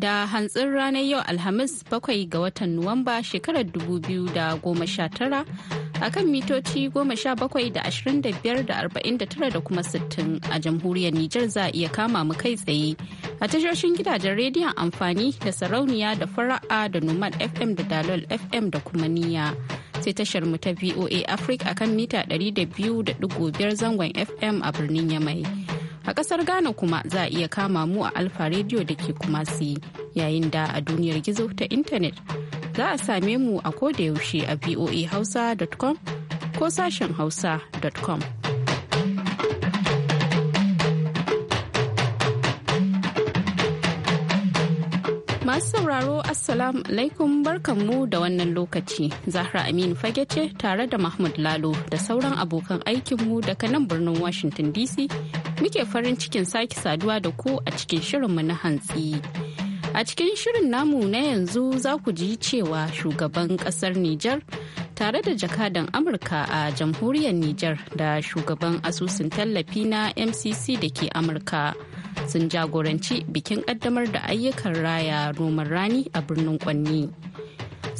da hantsin ranar yau alhamis bakwai ga watan nuwamba shekarar 2019 a kan mitoci 17 da 25 da 49 da kuma 60 a jamhuriyar nijar za a iya kama mu kai tsaye a tashoshin gidajen rediyon amfani da sarauniya da fara'a da nomad fm da dalol fm da kuma niya sai tashar mu ta voa africa akan mita 200.5 zangon fm a birnin yamai A ƙasar Ghana kuma za a iya kama mu a Alfa Radio da ke Kumasi yayin da a duniyar gizo ta intanet za a same mu a yaushe a voahausa.com ko sashen hausa.com. Masu sauraro Assalamu alaikum barkanmu da wannan lokaci. Zahra Aminu fage ce tare da Mahmud Lalo da sauran abokan aikinmu daga nan birnin Washington DC muke farin cikin sake saduwa da ku a cikin shirinmu na hantsi. A cikin shirin namu na yanzu za ku ji cewa shugaban kasar Nijar tare da jakadan Amurka a jamhuriyar Nijar da shugaban asusun tallafi na MCC da ke Amurka sun jagoranci bikin kaddamar da ayyukan raya roman rani a birnin Kwanni.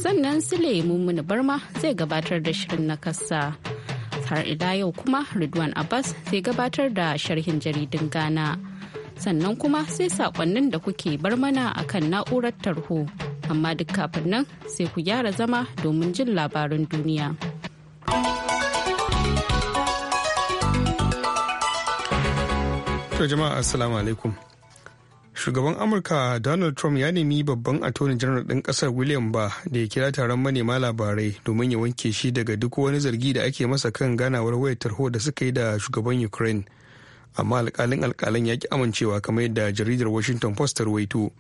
Sannan Sule mummuna Barma zai gabatar da shirin na kasa. har ila yau kuma Ridwan Abbas zai gabatar da sharhin jaridin Ghana. Sannan kuma sai sakonnin da kuke bar mana a kan na'urar tarho. Amma duk kafin nan sai ku gyara zama domin jin labarin duniya. To jama'a assalamu alaikum. shugaban amurka donald trump ya nemi babban attorney general ɗin ƙasar william ba da ya kira taron manema labarai domin ya wanke shi daga duk wani zargi da ake masa kan ganawar wayar tarho da suka yi da shugaban ukraine amma alkalin alkalin ya ki amincewa kamar yadda jaridar washington post ta ruwaito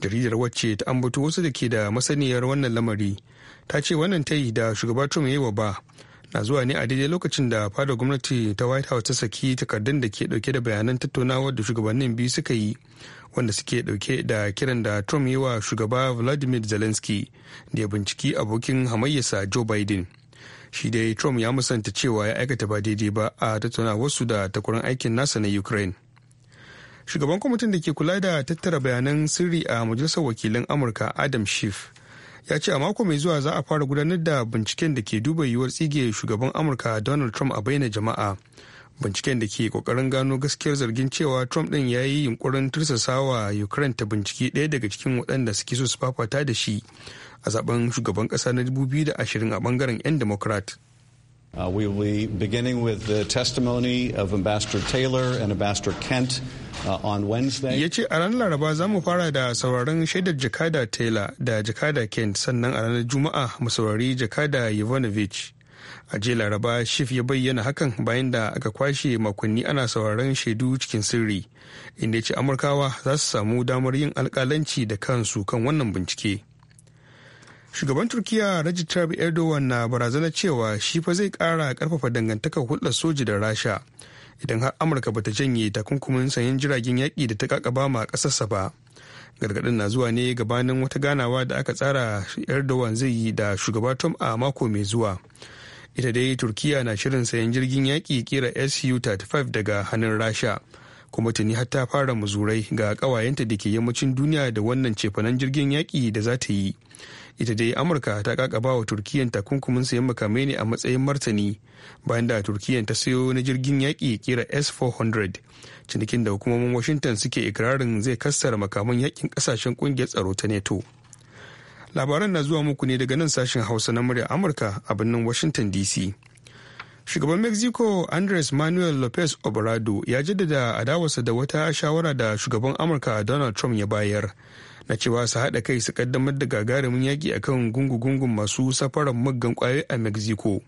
jaridar wacce ta ambato wasu da ke da masaniyar wannan lamari ta ce wannan ta yi da shugaba trump ya yi wa ba na zuwa ne a daidai lokacin da fadar gwamnati ta white house ta saki takardun da ke dauke da bayanan tattaunawar da shugabannin biyu suka yi wanda suke dauke da kiran da trump yi wa shugaba vladimir zelensky da ya binciki abokin hamayyarsa joe biden shi dai trump ya musanta cewa ya aikata ba daidai ba a tattaunawarsu da takwarar aikin nasa na ukraine shugaban kwamitin da ke kula da tattara bayanan sirri a majalisar wakilan amurka adam schiff ya ce a mako mai zuwa za a fara gudanar da binciken da ke duba yiwuwar tsige shugaban amurka donald trump a bayyana jama'a binciken da ke kokarin gano gaskiyar zargin cewa trump din ya yi yunkurin wa ukraine ta bincike ɗaya daga cikin waɗanda suke so su fafata da shi a zaben shugaban ƙasa na biyu da ashirin a bangaren 'yan democrat Uh, we will be beginning with the testimony of Ambassador Taylor and Ambassador Kent uh, on Wednesday. Ya ce a ranar Laraba za mu fara da saurarin shaidar jakada Taylor da jakada Kent sannan a ranar Juma'a mu saurari jakada Yovanovich. A jiya Laraba Shif ya bayyana hakan bayan da aka kwashe makonni ana sauraron shaidu cikin sirri inda ya ce Amurkawa za su samu damar yin alkalanci da kansu kan wannan bincike. shugaban turkiyya Recep tayyip erdogan na barazana cewa shi fa zai kara karfafa dangantakar hulɗar soji da rasha idan har amurka ba ta janye takunkumin sayen jiragen yaƙi da ta kakaba ma ƙasarsa ba gargaɗin na zuwa ne gabanin wata ganawa da aka tsara erdogan zai yi da shugaba tom a mako mai zuwa ita dai turkiyya na shirin sayan jirgin yaƙi kera su 35 daga hannun rasha kuma tuni har ta fara muzurai ga ƙawayenta da ke yammacin duniya da wannan cefanen jirgin yaƙi da za ta yi ita dai amurka ta kakaba wa turkiyan takunkumin sayan makamai ne a matsayin martani bayan da turkiyan ta sayo na jirgin yaƙi kira s-400 cinikin da hukumomin washington suke ikirarin zai kassara makaman yaƙin ƙasashen ƙungiyar tsaro ta neto labaran na zuwa muku ne daga nan sashen hausa na murya amurka a birnin washington dc shugaban mexico andres manuel lopez obrado ya jaddada adawarsa da wata shawara da shugaban amurka donald trump ya bayar na cewa su haɗa kai su kaddamar da gagarumin yaƙi akan gungu-gungun masu safarar muggan ƙwayoyi a mexico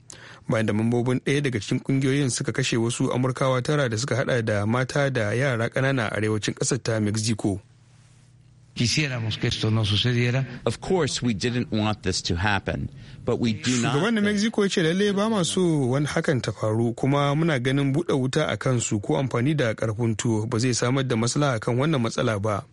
bayan da mambobin ɗaya daga cikin ƙungiyoyin suka kashe wasu amurkawa tara da suka haɗa da mata da yara kanana a arewacin ƙasar ta mexico Quisiéramos que esto na Mexico ya ce lalle ba masu so wani hakan ta faru kuma muna ganin buɗe wuta a kansu ko amfani da karfin tuwo ba zai samar da maslaha kan wannan matsala ba.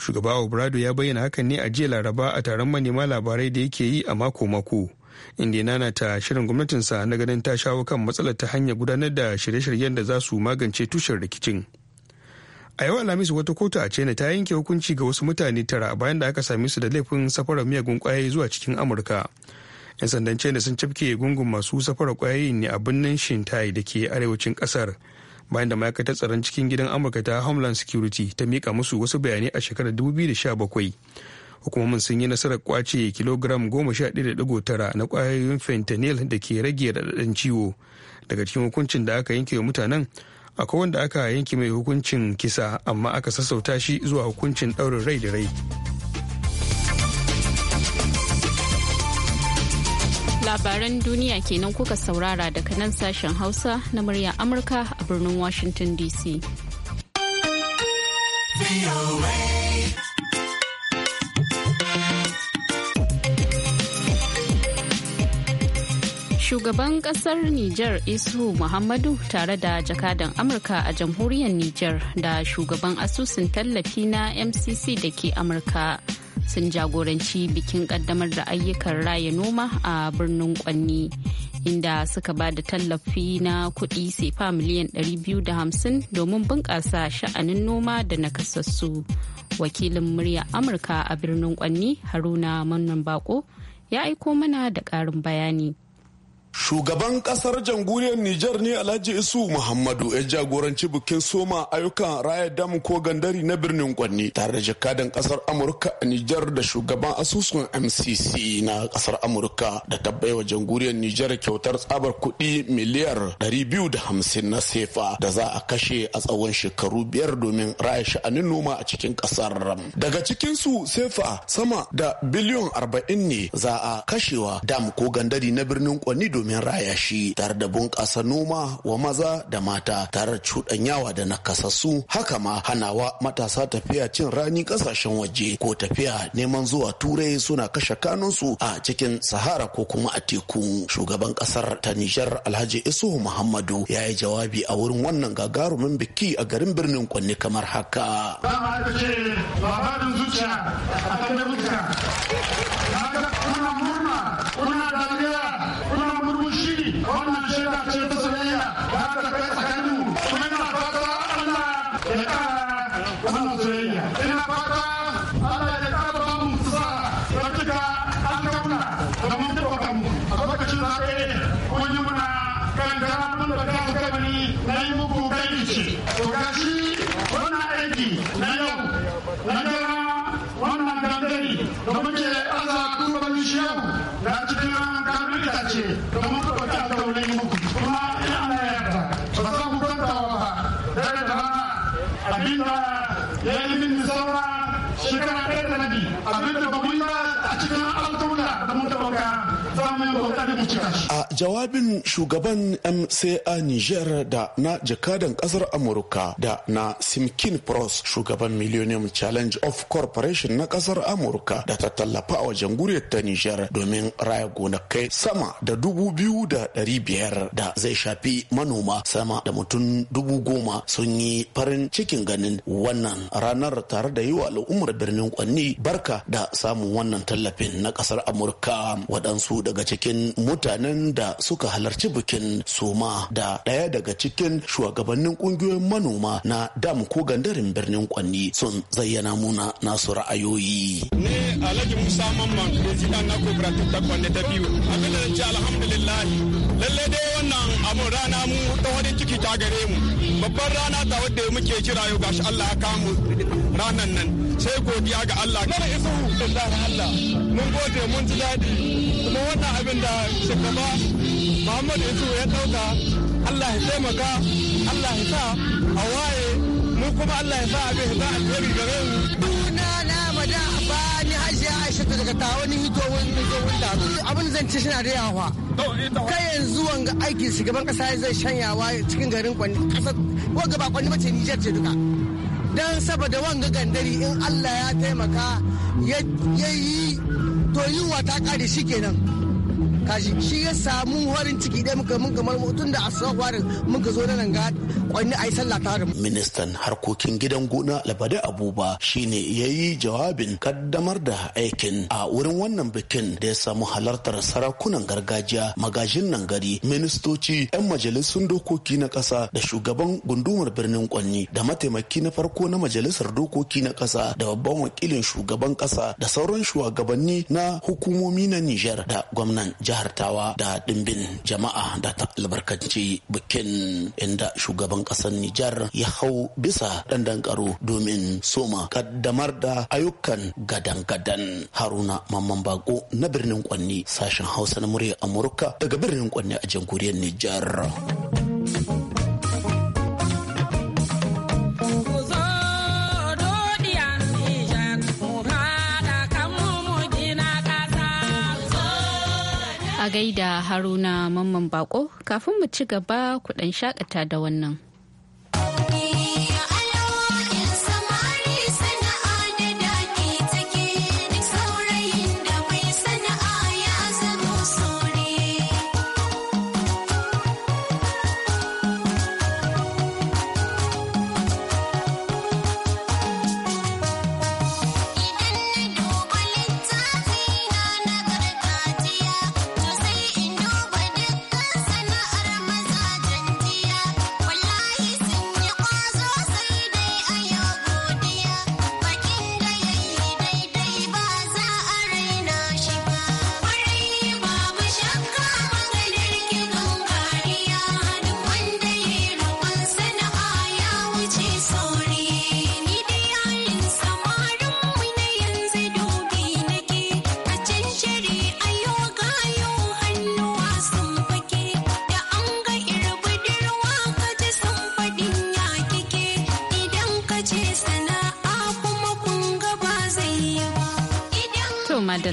shugaba obrado ya bayyana hakan ne a jiya laraba a taron manema labarai da yake yi a mako-mako inda ya ta shirin gwamnatinsa na ganin ta shawo kan matsalar ta hanyar gudanar da shirye-shiryen da za su magance tushen rikicin a yau alhamis wata kotu a china ta yanke hukunci ga wasu mutane tara bayan da aka same su da laifin safarar miyagun kwayoyi zuwa cikin amurka 'yan sandan china sun cafke gungun masu safarar kwayoyin ne a birnin shintai da ke arewacin kasar bayan da ma'aikatar tsaron cikin gidan amurka ta homeland security ta mika musu wasu bayanai a shekarar 2017 hukumomin sun yi nasarar kwace kilogram 11.9 na kwayoyin fentanyl da ke rage raɗaɗin ciwo daga cikin hukuncin da aka yanke wa mutanen akwai wanda aka yanke mai hukuncin kisa amma aka sassauta shi zuwa hukuncin ɗaurin rai da rai Labaran duniya kenan kuka saurara daga nan sashen Hausa na murya Amurka a birnin Washington DC. shugaban kasar Nijar Isu Muhammadu tare da jakadan Amurka a jamhuriyar Nijar da shugaban asusun tallafi na MCC da ke Amurka sun jagoranci bikin kaddamar da ayyukan raya noma a birnin kwanni inda suka ba da tallafi na kuɗi sefa miliyan 250 domin bunƙasa sha'anin noma da nakasassu wakilin murya amurka a birnin kwanni haruna mannan bako ya aiko mana da ƙarin bayani. Shugaban kasar jamhuriyar Nijar ne Alhaji Isu Muhammadu ya jagoranci bikin soma ayyukan raya dam ko gandari na birnin Kwanni tare da jakadan kasar Amurka a Nijar da shugaban asusun MCC na kasar Amurka da wa jamhuriyar Nijar kyautar tsabar kuɗi miliyar 250 na sefa da za a kashe a tsawon shekaru biyar domin raya sha'anin noma a cikin kasar. Daga cikin su sefa sama da biliyon 40 ne za a kashewa dam ko gandari na birnin Kwanni domin raya shi tare da bunƙasa noma wa maza da mata tare da cuɗanyawa da nakasassu haka ma hanawa matasa tafiya cin rani ƙasashen waje ko tafiya neman zuwa turai suna kashe kanunsu a cikin sahara ko kuma a teku shugaban ƙasar ta nijar alhaji Isu muhammadu ya yi jawabi a wurin wannan gagarumin biki a garin birnin kwanne kamar haka. Ba zuciya a kan So. jawabin shugaban mca niger da na jakadan kasar amurka da na simkin pros shugaban millennium challenge of corporation na kasar amurka da ta tallafa a wajen guriyar ta niger domin raya gonakai sama da dubu biyu da dari biyar da zai shafi manoma sama da mutum dubu goma sun yi farin cikin ganin wannan ranar tare da yi wa al'ummar birnin kwanni barka da samun wannan tallafin na kasar amurka waɗansu daga cikin mutanen da suka halarci bikin soma da ɗaya daga cikin shugabannin ƙungiyoyin manoma na dam ko gandarin birnin kwanni sun zayyana muna nasu ra'ayoyi. ne alhaji musa mamman president na cooperative ta kwanne ta biyu abin da alhamdulillah lalle dai wannan abu rana mu ta wani ciki ta gare mu babban rana ta wadda muke kira yau gashi Allah ya kamu ranan nan sai godiya ga Allah mana isu da Allah mun gode mun ji dadi kuma wannan abin da shugaba Muhammad Isu ya dauka Allah ya taimaka Allah ya sa a waye mu kuma Allah ya sa abin ya a gare mu. Duna na shi ta daga tawa ni hito wani da abin zan ci shi na da yawa eh, ka yanzu wanga aiki shugaban kasa zai shanyawa cikin garin kwanni kasar wanga ba kwanni bace Nijar ce duka don saboda wanga gandari in Allah ya taimaka ya yi to yiwa ta kare shi kenan kashi shi ya samu warin ciki dai muka mun kamar mutum da asuwa muka zo nan ga kwanni ai sallah da ministan harkokin gidan gona labade abuba shine yayi jawabin kaddamar da aikin a wurin wannan bikin da ya samu halartar sarakunan gargajiya magajin nan gari ministoci 'yan majalisun dokoki na Kasa da shugaban gundumar birnin kwanni da mataimaki na farko na majalisar dokoki na kasa da babban wakilin shugaban Kasa da sauran shugabanni na hukumomi na nijar da gwamnan jihar jihartawa da dimbin jama'a da ta albarkanci bikin inda shugaban kasar nijar ya hau bisa dandan karo domin soma kaddamar da ayyukan gadan-gadan haruna mamman bako na birnin kwanni sashen hausa na murya amurka daga birnin kwanni a jamhuriyar nijar. gaida haruna mamman bako kafin mu ci gaba kuɗin shakata da wannan.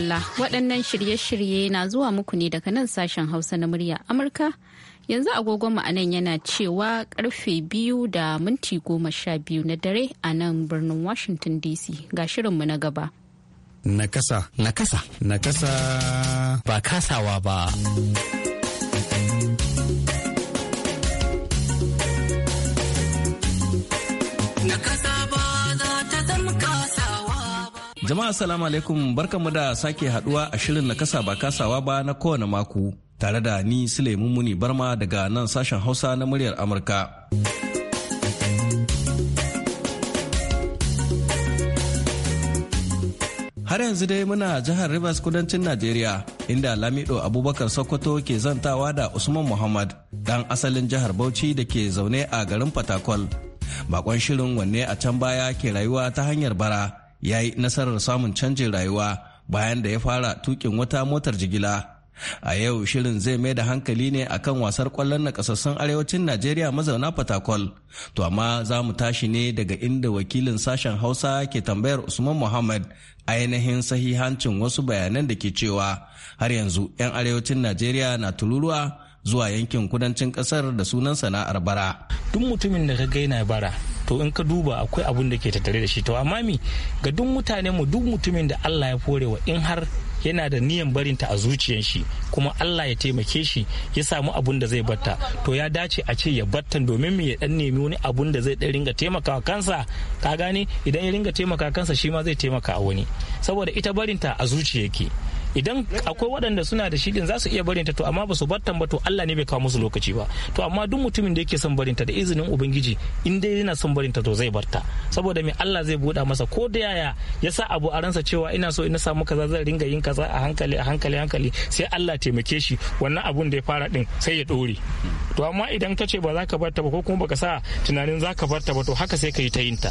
Allah waɗannan shirye-shirye na zuwa muku ne daga nan sashen hausa na murya amurka yanzu agogonmu a nan yana cewa karfe biyu da minti goma sha biyu na dare a nan birnin washington dc ga shirinmu na gaba nakasa nakasa nakasa ba kasawa ba nakasa ba Jama'a salamu alaikum mu da sake haduwa a shirin na kasa ba kasawa ba na kowane mako tare da ni Sule Mummuni Barma daga nan sashen Hausa na muryar Amurka. Har yanzu dai muna jihar Rivers kudancin Najeriya inda Lamido Abubakar Sokoto ke zantawa da Usman Muhammad dan asalin jihar Bauchi da ke zaune a garin Fatakwal. Bakon shirin wanne a can baya ke rayuwa ta hanyar bara ya yi nasarar samun canjin rayuwa bayan da ya fara tukin wata motar jigila a yau shirin zai mai da hankali ne akan wasar kwallon na kasassun arewacin najeriya mazauna fatakwal to amma za mu tashi ne daga inda wakilin sashen hausa ke tambayar usman muhammad ainihin sahihancin wasu bayanan da ke cewa har yanzu 'yan arewacin najeriya na tururuwa zuwa yankin kudancin kasar da sunan sana'ar bara duk mutumin da ka gaina bara to in ka duba akwai abun da ke tattare da shi to amma mi ga duk mutane mu duk mutumin da Allah ya fore wa in har yana da niyan barinta a zuciyar shi kuma Allah ya taimake shi ya samu abun da zai batta to ya dace a ce ya battan domin mu ya dan nemi wani abun da zai dan ringa taimakawa kansa ka gane idan ya ringa taimaka kansa shi ma zai taimaka a wani saboda ita barinta a zuciya yake idan akwai waɗanda suna da shi din za su iya barinta to amma ba su bar ba to Allah ne bai kawo musu lokaci ba to amma duk mutumin da yake son barinta da izinin ubangiji in dai yana son barinta to zai barta saboda me Allah zai buɗa masa ko da yaya ya sa abu a ransa cewa ina so ina samu kaza zan ringa yin kaza a hankali a hankali hankali sai Allah taimake shi wannan abun da ya fara din sai ya dore to amma idan ka ce ba za ka barta ba ko kuma baka sa tunanin za ka barta ba to haka sai ka yi ta yin ta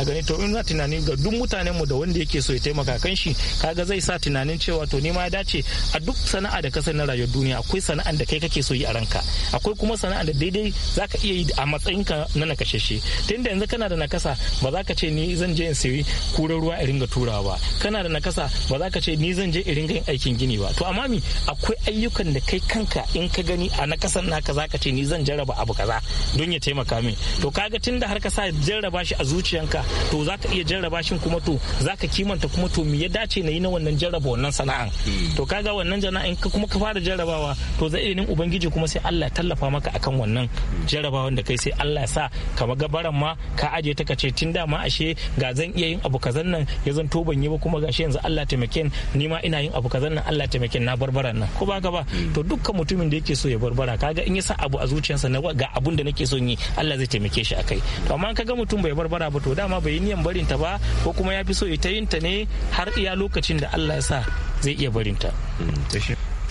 a gani to ina tunanin ga duk mutanen mu da wanda yake so ya taimaka kan shi kaga zai sa tunanin cewa to nema ya dace a duk sana'a da kasar na rayuwar duniya akwai sana'an da kai kake so yi a ranka akwai kuma sana'an da daidai zaka iya yi a matsayinka na nakashashe tunda yanzu kana da nakasa ba za ka ce ni zan je in sayi kurar ruwa in ringa turawa ba kana da nakasa ba za ka ce ni zan je in ringa aikin gini ba to amma mi akwai ayyukan da kai kanka in ka gani a nakasan naka za ka ce ni zan jarraba abu kaza don ya taimaka min to kaga tunda har ka sa jarraba shi a zuciyanka to za ka iya jarraba shi kuma to za ka kimanta kuma to me ya dace na yi na wannan jarraba wannan sana'a Qur'an hmm. to kaga wannan in ka kuma ka fara jarrabawa to za nin ubangiji kuma sai Allah tallafa maka akan wannan hmm. jarrabawan da kai sai Allah ya sa ka gabaran ma ka aje ta kace tun da ma ashe ga zan iya yin abu kazan nan ya zan to ban yi ba kuma gashi yanzu Allah taimake ni ma ina yin abu kazan nan Allah taimake na barbaran nan ko ba ka ba hmm. to dukkan mutumin da yake so ya barbara kaga in ya sa abu a zuciyarsa na ga abun da nake son yi Allah zai taimake shi akai to amma kaga mutum bai barbara ba to dama bai yi niyan barin ta ba ko kuma ya fi so ya ta yin ta ne har iya lokacin da Allah ya sa zai iya barinta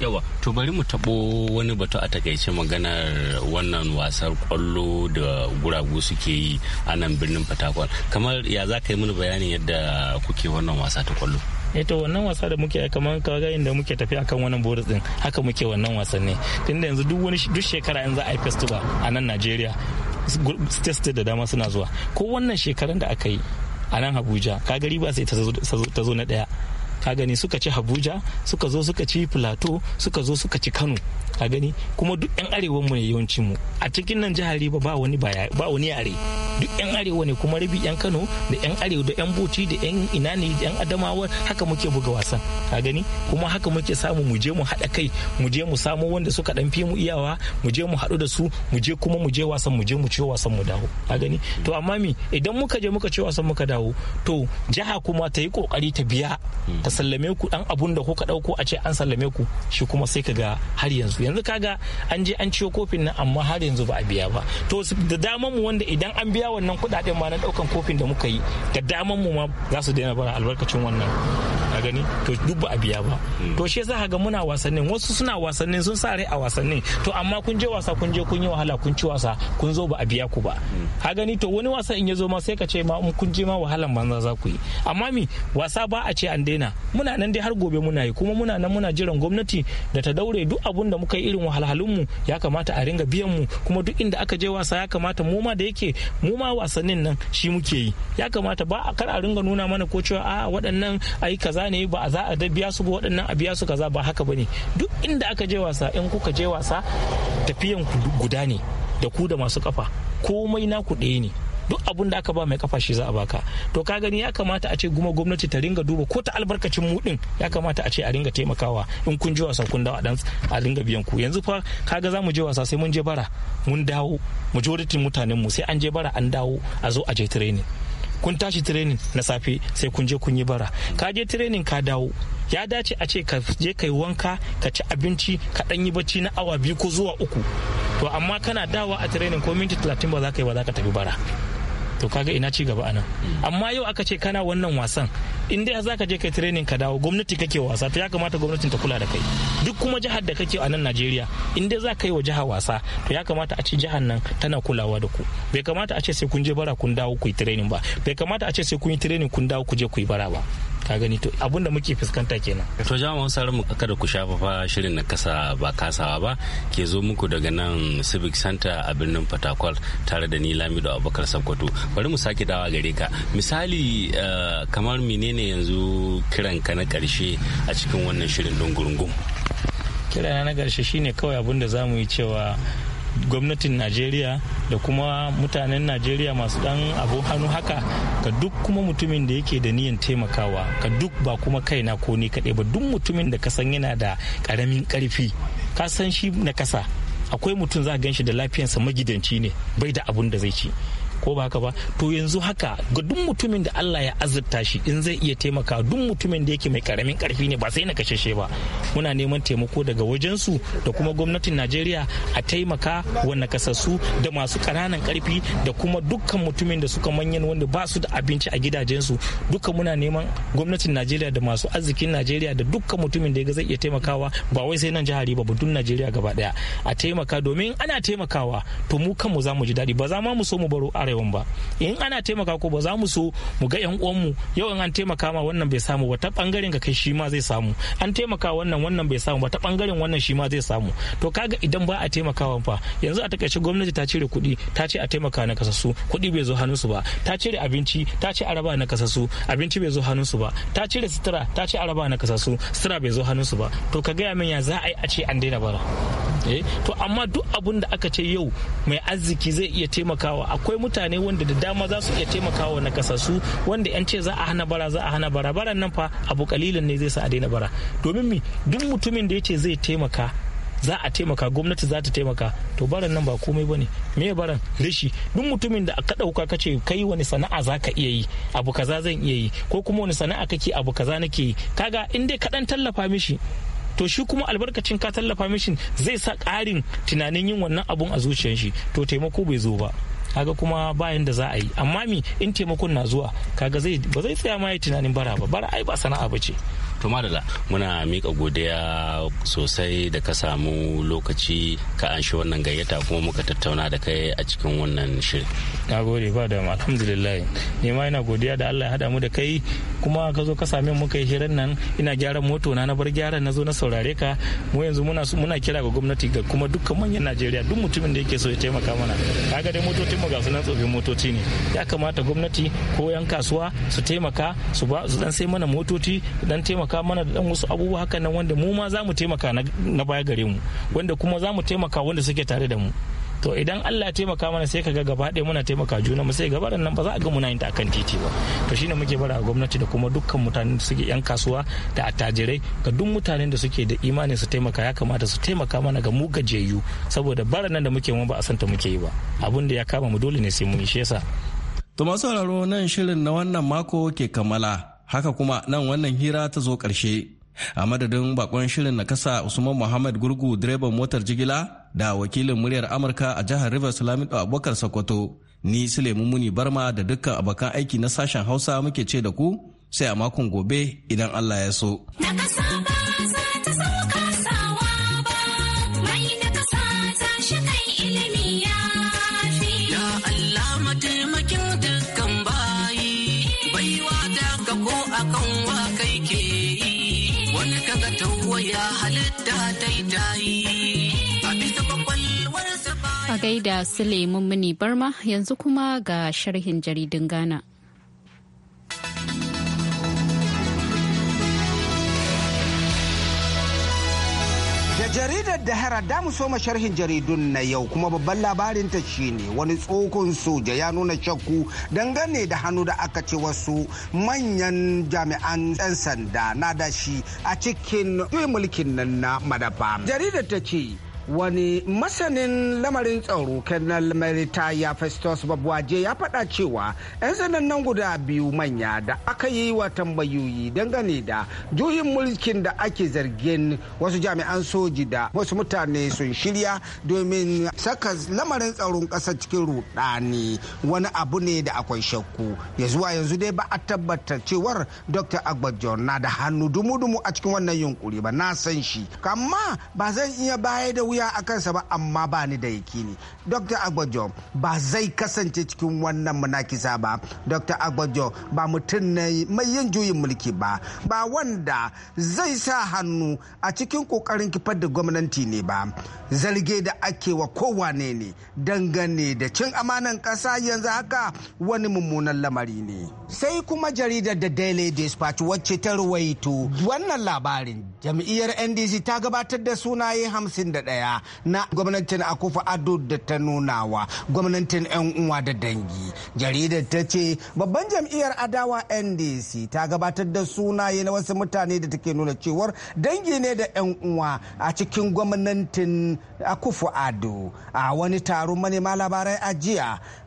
yawa to bari mu taɓo wani batu a takaice maganar wannan wasar kwallo da guragu suke yi a nan birnin fatakwal kamar ya za ka yi mini bayanin yadda kuke wannan wasa ta kwallo eh to wannan wasa da muke kamar kaga inda muke tafi akan wannan boris din haka muke wannan wasanni tunda yanzu duk wani duk shekara yanzu a yi festival a nan Najeriya state state da dama suna zuwa ko wannan shekaran da aka yi a nan Abuja kaga riba sai ta zo na daya ka gani suka ci habuja suka zo suka ci Plateau suka zo suka ci Kano ka gani kuma duk yan arewa mu ne yawancin mu a cikin nan jihar Riba ba wani ba wani yare duk yan arewa ne kuma rabi yan Kano da yan arewa da yan Bauchi da yan ina ne da yan Adamawa haka muke buga wasan ka gani kuma haka muke samu mu je mu haɗa kai mu je mu samu wanda suka dan fi mu iyawa mu je mu haɗu da su mu je kuma mu je wasan mu je mu ciwo wasan mu dawo ka gani to amma mi idan muka je muka ciwo wasan muka dawo to jiha kuma ta yi kokari ta biya ta sallame ku dan abun da kuka dauko a ce an sallame ku shi kuma sai ka ga har yanzu yanzu kaga an je an ciyo kofin nan amma har yanzu ba a biya ba to da daman mu wanda idan an biya wannan kudaden ma na daukan kofin da muka yi da daman mu ma za su daina bara albarkacin wannan a gani to duk ba a biya ba hmm. to shi yasa ga muna wasannin wasu suna wasannin sun sa rai a wasannin to amma kun je wasa kun je kun yi wahala kun ci wasa kun zo ba a biya ku ba hmm. a gani to wani wasa in ya zo ma sai ka ce ma kun je ma wahalan banza za ku yi amma mi wasa ba a ce an daina muna nan dai har gobe muna yi kuma muna nan muna jiran gwamnati da ta daure duk abun da muka muka yi irin wahalhalunmu ya kamata a ringa biyan mu kuma duk inda aka je wasa ya kamata mu ma da yake mu ma wasannin nan shi muke yi ya kamata ba a kar a ringa nuna mana ko cewa a waɗannan ayi kaza ne ba a za a biya su ba waɗannan a biya su kaza ba haka bane duk inda aka je wasa in kuka je wasa tafiyan guda ne da ku da masu kafa komai naku ɗaya ne duk abun da aka ba mai kafa shi za a baka to ka gani ya kamata a ce kuma gwamnati ta ringa duba ko ta albarkacin mu din ya kamata a ce a ringa taimakawa in kun je wasa kun dawo dan a ringa biyan ku yanzu fa kaga za mu je wasa sai mun je bara mun dawo majority mutanen mu sai an je bara an dawo a zo a je training kun tashi training na safe sai kun je kun yi bara ka je training ka dawo ya dace a ce ka je ka wanka ka ci abinci ka ɗan yi bacci na awa biyu ko zuwa uku to amma kana dawa a training ko minti talatin ba za ka yi ba za ka tafi bara to kaga ina ci gaba anan amma yau aka ce kana wannan wasan in dai za ka je kai training ka dawo gwamnati kake wasa to ya kamata gwamnatin ta kula da kai duk kuma jihar da kake a nan Najeriya in dai za ka yi wa jiha wasa to ya kamata a ce jihar nan tana kulawa da ku bai kamata a ce sai kun je bara kun dawo ku yi training ba bai kamata a ce sai kun yi training kun dawo ku je ku yi bara ba ka gani to abinda muke fuskanta kenan to jama'a sauran mu kada ku shafa fa shirin na kasa ba kasawa ba ke zo muku daga nan civic center a birnin fatakwal tare da ni lamido abubakar sakkwato bari mu sake dawa gare ka misali eh, kamar menene ne yanzu kiranka na karshe a cikin wannan shirin dungurungun kirana na karshe shine kawai abin da za mu yi cewa gwamnatin najeriya da kuma mutanen najeriya masu dan abu hannu haka ka duk kuma mutumin da yake da niyan taimakawa ka duk ba kuma kaina ko ne kaɗai ba duk mutumin da ka san yana da ƙaramin ƙarfi ka san shi na kasa akwai mutum za gan shi da lafiyansa magidanci ne bai da abun da zai ci ko ba haka ba to yanzu haka ga duk mutumin da Allah ya azurta shi in zai iya taimaka duk mutumin da yake mai karamin karfi ne ba sai na kashe ba muna neman taimako daga wajensu da kuma gwamnatin Najeriya a taimaka wannan nakasassu da masu ƙananan karfi da kuma dukkan mutumin da suka manyan wanda ba su da abinci a gidajensu duka muna neman gwamnatin Najeriya da masu arzikin Najeriya da dukkan mutumin da ga zai iya taimakawa ba wai sai nan jihari ba duk Najeriya gaba daya a taimaka domin ana taimakawa to mu kanmu za mu ji daɗi ba za ma mu so mu baro arewan ba in ana taimaka ko ba za mu so mu ga yan uwanmu yau in an taimaka ma wannan bai samu ba ta bangaren ga kai shi ma zai samu an taimaka wannan wannan bai samu ba ta bangaren wannan shi ma zai samu to kaga idan ba a taimakawa fa yanzu a takaice gwamnati ta cire kuɗi ta ce a taimaka na kasasu kuɗi bai zo hannunsu ba ta cire abinci ta ce a raba na kasasu abinci bai zo hannunsu ba ta cire sutura ta ce a raba na kasasu sutura bai zo hannunsu ba to ka gaya min ya za a yi a ce an daina bara eh? to amma duk abun da aka ce yau mai arziki zai iya taimakawa akwai mutane mutane wanda da dama za su iya taimakawa na kasasu wanda yan ce za a hana bara za a hana bara baran nan fa abu kalilan ne zai sa a daina bara domin mi duk mutumin da ya ce zai taimaka za a taimaka gwamnati za ta taimaka to baran nan ba komai bane me baran rishi duk mutumin da aka dauka kace kai wani sana'a za ka iya yi abu kaza zan iya yi ko kuma wani sana'a kake abu kaza nake yi kaga in dai kadan tallafa mishi to shi kuma albarkacin ka tallafa mishi zai sa ƙarin tunanin yin wannan abun a zuciyar shi to taimako bai zo ba kaga kuma bayan da za a yi amma mi in taimakon na zuwa kaga zai ba zai tsaya ma ya tunanin bara ba bara ai ba sana'a ba ce to madala muna mika godiya sosai da ka samu lokaci ka an anshi wannan gayyata kuma muka tattauna da kai a cikin wannan shirin na gode ba da alhamdulillah ne ma ina godiya da Allah ya hada mu da kai kuma ka zo ka same mu kai hirar nan ina gyaran moto na na bar gyaran na zo na saurare ka mu yanzu muna muna kira ga gwamnati ga kuma dukkan manyan Najeriya duk mutumin da yake so ya taimaka mana kaga dai motocin mu ga su nan tsofin motoci ne ya kamata gwamnati ko yan kasuwa su taimaka su su dan sai mana motoci dan taimaka taimaka mana da dan wasu abubuwa haka nan wanda mu ma za mu taimaka na baya gare mu wanda kuma za mu taimaka wanda suke tare da mu to idan Allah ya taimaka mana sai kaga gaba ɗaya muna taimaka juna mu sai gabaran nan ba za a ga muna yin ta akan titi ba to shine muke bara gwamnati da kuma dukkan mutanen da suke yan kasuwa da attajirai ga duk mutanen da suke da imani su taimaka ya kamata su taimaka mana ga mu gajiyayyu saboda bara nan da muke mu ba a santa muke yi ba abun da ya kama mu dole ne sai mu yi shesa to masu nan shirin na wannan mako ke kammala haka kuma nan wannan hira ta zo ƙarshe a madadin bakon shirin na kasa usman muhammad gurgu direban motar jigila da wakilin muryar amurka a jihar rivers lamido abubakar sokoto ni sulemu muni barma da dukkan abokan aiki na sashen hausa muke ce da ku sai a makon gobe idan allah ya so. ya halitta daidai a gaida su lemun mini barma yanzu kuma ga sharhin jaridun ghana dahara da mu soma sharhin jaridun na yau kuma babban labarin ta shine wani tsokon soja ya nuna shakku dangane da hannu da aka ce wasu manyan jami'an 'yan sanda na da shi a cikin mulkin nan na madafa. Jaridar ta ce wani masanin lamarin tsaro kanal marita ya festus babwaje ya faɗa cewa 'yan sanannen guda biyu manya da aka yi wa tambayoyi dangane da juyin mulkin da ake zargin wasu jami'an soji da wasu mutane sun shirya domin saka lamarin tsaron ƙasa cikin rudani wani abu ne da akwai shakku ya zuwa yanzu dai ba a tabbatar cewar dr agbajo na da hannu dumu-dumu a cikin wannan yunkuri ba na san shi amma ba zan iya baya da wuya a kansa ba amma ba ni da yakini dr agbajo ba zai kasance cikin wannan munakisa ba dr agbajo ba mutum ne mai yin juyin mulki ba ba wanda zai sa hannu a cikin kokarin kifar da gwamnati ne ba zarge da ake wa kowane ne dangane da cin amanan kasa yanzu haka wani mummunan lamari ne sai kuma jaridar da daily dispatch wacce ta ruwaito wannan labarin jam'iyyar ndc ta gabatar da sunaye ɗaya daya na gwamnatin akufa ado da ta nunawa gwamnatin 'yan uwa da dangi jaridar ta ce babban jam'iyyar adawa ndc ta gabatar da sunaye na wasu mutane da take nuna cewar dangi ne da 'yan uwa a cikin gwamnatin akufu ado a wani taron manema labarai ajiya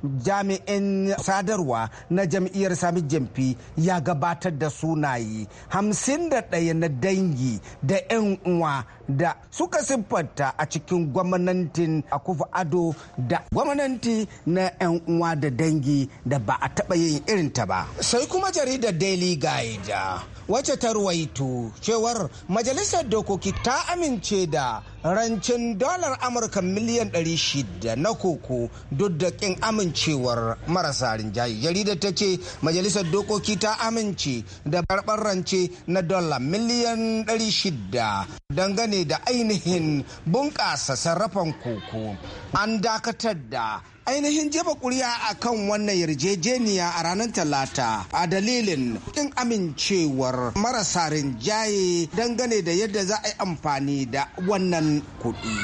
jiya jami'in sadarwa na jam'iyyar sami jamfi ya gabatar da sunaye hamsin da ɗaya na dangi da 'yan uwa da suka siffanta a cikin gwamnatin akufa ado da gwamnati na 'yan uwa da dangi da ba a taɓa yin irinta ba sai kuma jaridar daily guide wacce ta ruwaito cewar majalisar dokoki ta amince da rancin dolar amurka miliyan 600 na koko duk da kin amincewar marasa rinjaye jaridar ta ce majalisar dokoki ta amince da barbar rance na dolar miliyan 600 dangane da ainihin bunƙasa sarrafan koko an dakatar da ainihin jefa kuri'a a kan wannan yarjejeniya a ranar talata a dalilin kin amincewar marasa rinjaye dangane da yadda za a yi amfani da wannan kuɗi.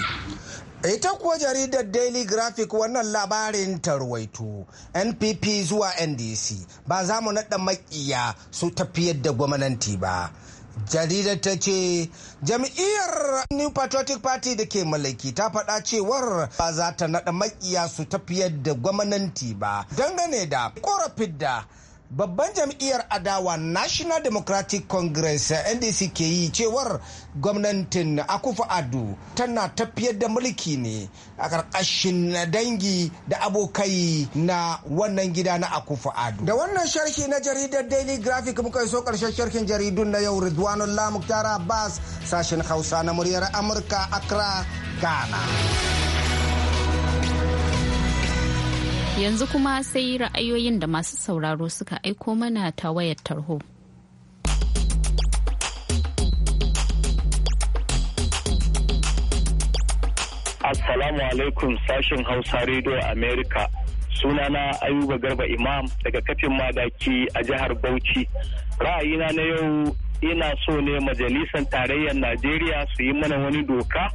ita kuwa jaridar daily graphic wannan labarin tarwaito npp zuwa ndc ba za mu naɗa makiya su tafiyar da gwamnati ba jaridar ta ce jam'iyyar new patriotic party da ke mallaki ta faɗa cewar ba za ta naɗa makiya su tafiyar da gwamnati ba dangane da korafin da babban jam'iyyar adawa national democratic congress ndc ke yi cewar gwamnatin akufa adu tana tafiyar da mulki ne a ƙarƙashin dangi da abokai na wannan gida na akufa adu da wannan sharhi na jaridar daily graphic muka iso ƙarshen sharhin jaridun na yau ridwanul lamuk tara abbas sashen hausa na muryar amurka accra ghana Yanzu kuma sai ra'ayoyin da masu sauraro suka aiko mana ta wayar tarho. Assalamu alaikum sashen Hausa Radio America. Sunana Ayuba Garba Imam daga kafin madaki a jihar Bauchi. Ra'ayina na yau ina so ne majalisar tarayyar Najeriya su yi mana wani doka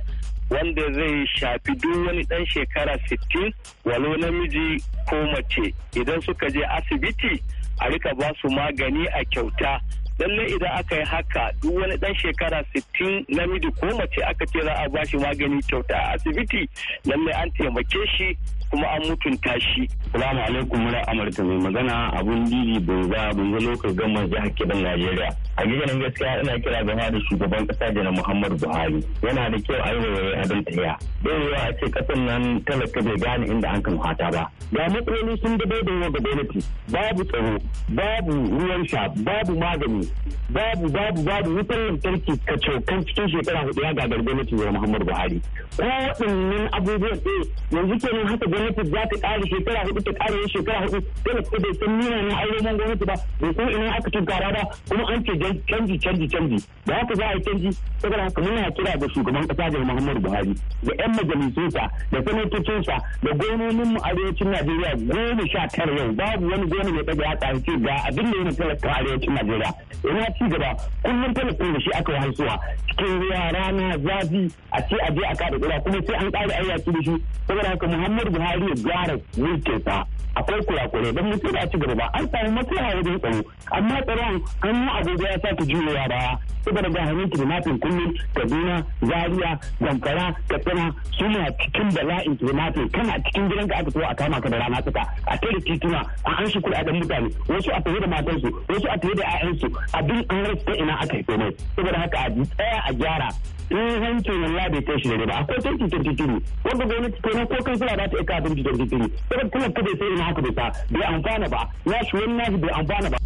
wanda zai shafi duk wani ɗan shekara 60 walo namiji ko mace idan suka je asibiti a rika ba su magani a kyauta lalle idan aka yi haka duk wani dan shekara 60 namiji ko mace aka ce za a ba shi magani kyauta a asibiti lallai an taimake shi kuma an mutunta shi. Salamu alaikum mura Amurka mai magana abun didi bunza banza lokal gamar hake ban Najeriya. A gidan gaskiya ina kira gama da shugaban kasa da na Muhammadu Buhari. Yana da kyau a yi wa abin tsaya. wa a ce kasan nan talaka bai gane inda an kan hata ba. Ga matsaloli sun da bai wa gwamnati babu tsaro babu ruwan sha babu magani babu babu babu wutar lantarki kan cikin shekara hudu ya gagar gwamnati wa Muhammadu Buhari. Ko waɗannan abubuwan eh, yanzu kenan haka gwamnati za ta ƙara shekara hudu ta ƙara yin shekara hudu dole ko bai san nuna na ainihin gwamnati ba bai san ina aka tunkara ba kuma an ce canji canji canji da haka za a yi canji saboda haka muna kira da shugaban ƙasa da Muhammadu Buhari da yan majalisunsa da sanatocinsa da gononin mu arewacin Najeriya goma sha tara yau babu wani goma mai tsaga ya ce ga abin da yana talaka arewacin Najeriya ina ci gaba kullum talakun da shi aka yi harsuwa cikin ruwa rana zafi a ce a je a kada kura kuma sai an ƙara ayyaki da shi saboda haka Muhammadu Buhari buhari ya gyara sa akwai kurakurai don mutum da ci gaba ba an samu matsala wajen tsaro amma tsaron hannun agogo ya sa sake ya baya saboda ga hannun kidnapping kullum kaduna zariya zamfara katsina suna cikin bala'in kidnapping kana cikin gidan ka aka tsawo a kama ka da rana suka a tare tituna a an shi kuɗaɗen mutane wasu a tafi da matansu wasu a tafi da 'ya'yansu abin an ta ina aka haife mai saboda haka a tsaya a gyara in hanci na bai kai shi da ba akwai 2023 wanda gwamnati ko ko kansila za ta iya kawo 2023 saboda kuma sai ina haka bai bai amfana ba na shi wani nashi bai amfana ba.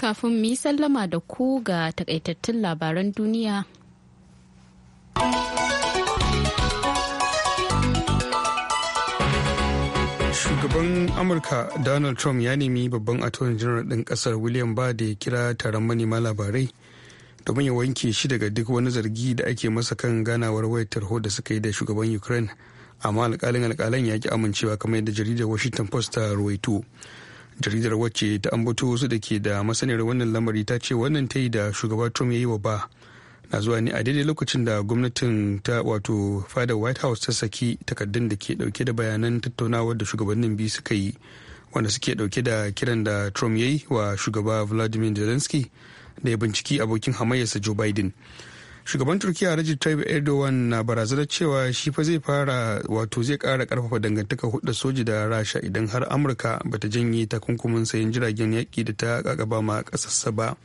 Kafin mu yi sallama da ku ga takaitattun labaran duniya. shugaban amurka donald trump ya nemi babban attorney general ɗin ƙasar william ba da ya kira taron manema labarai domin ya wanke shi daga duk wani zargi da ake masa kan ganawar wayar tarho da suka yi da shugaban ukraine amma alkalin alkalan ya ki amincewa kamar yadda jaridar washington post ta ruwaito jaridar wacce ta ambato su da ke da masaniyar wannan lamari ta ce wannan ta yi da shugaba trump ya yi wa ba na zuwa ne a daidai lokacin da gwamnatin ta wato fadar white house ta saki takardun da ke dauke da bayanan tattaunawar da shugabannin biyu suka yi wanda suke dauke da kiran da trump ya yi wa shugaba vladimir zelensky da ya binciki abokin hamayyarsa joe biden shugaban turkiya rajib tayyip erdogan na barazanar cewa shi fa zai fara wato zai kara karfafa dangantaka hudu soji da rasha idan har amurka bata janye takunkumin sayan jiragen yaƙi da ta kakaba ma ƙasarsa ba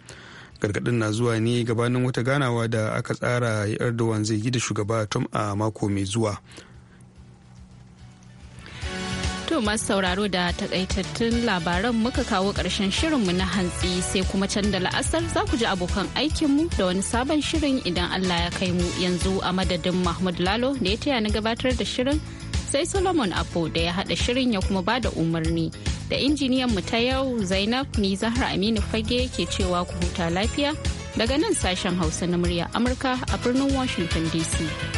gargadin na zuwa ne gabanin wata ganawa da aka tsara erdogan zai yi da shugaba tom a mako mai zuwa To masu sauraro da takaitattun labaran muka kawo ƙarshen shirinmu na hantsi sai kuma can da la'asar za ku ji abokan aikinmu da wani sabon shirin idan Allah ya kai mu yanzu a madadin Mahmud Lalo da ya taya na gabatar da shirin sai Solomon Apo da ya haɗa shirin ya kuma ba da umarni. da injiniyan mu ta yau zainab ni zahra aminu fage ke cewa ku huta lafiya daga nan sashen hausa na murya amurka a birnin washington dc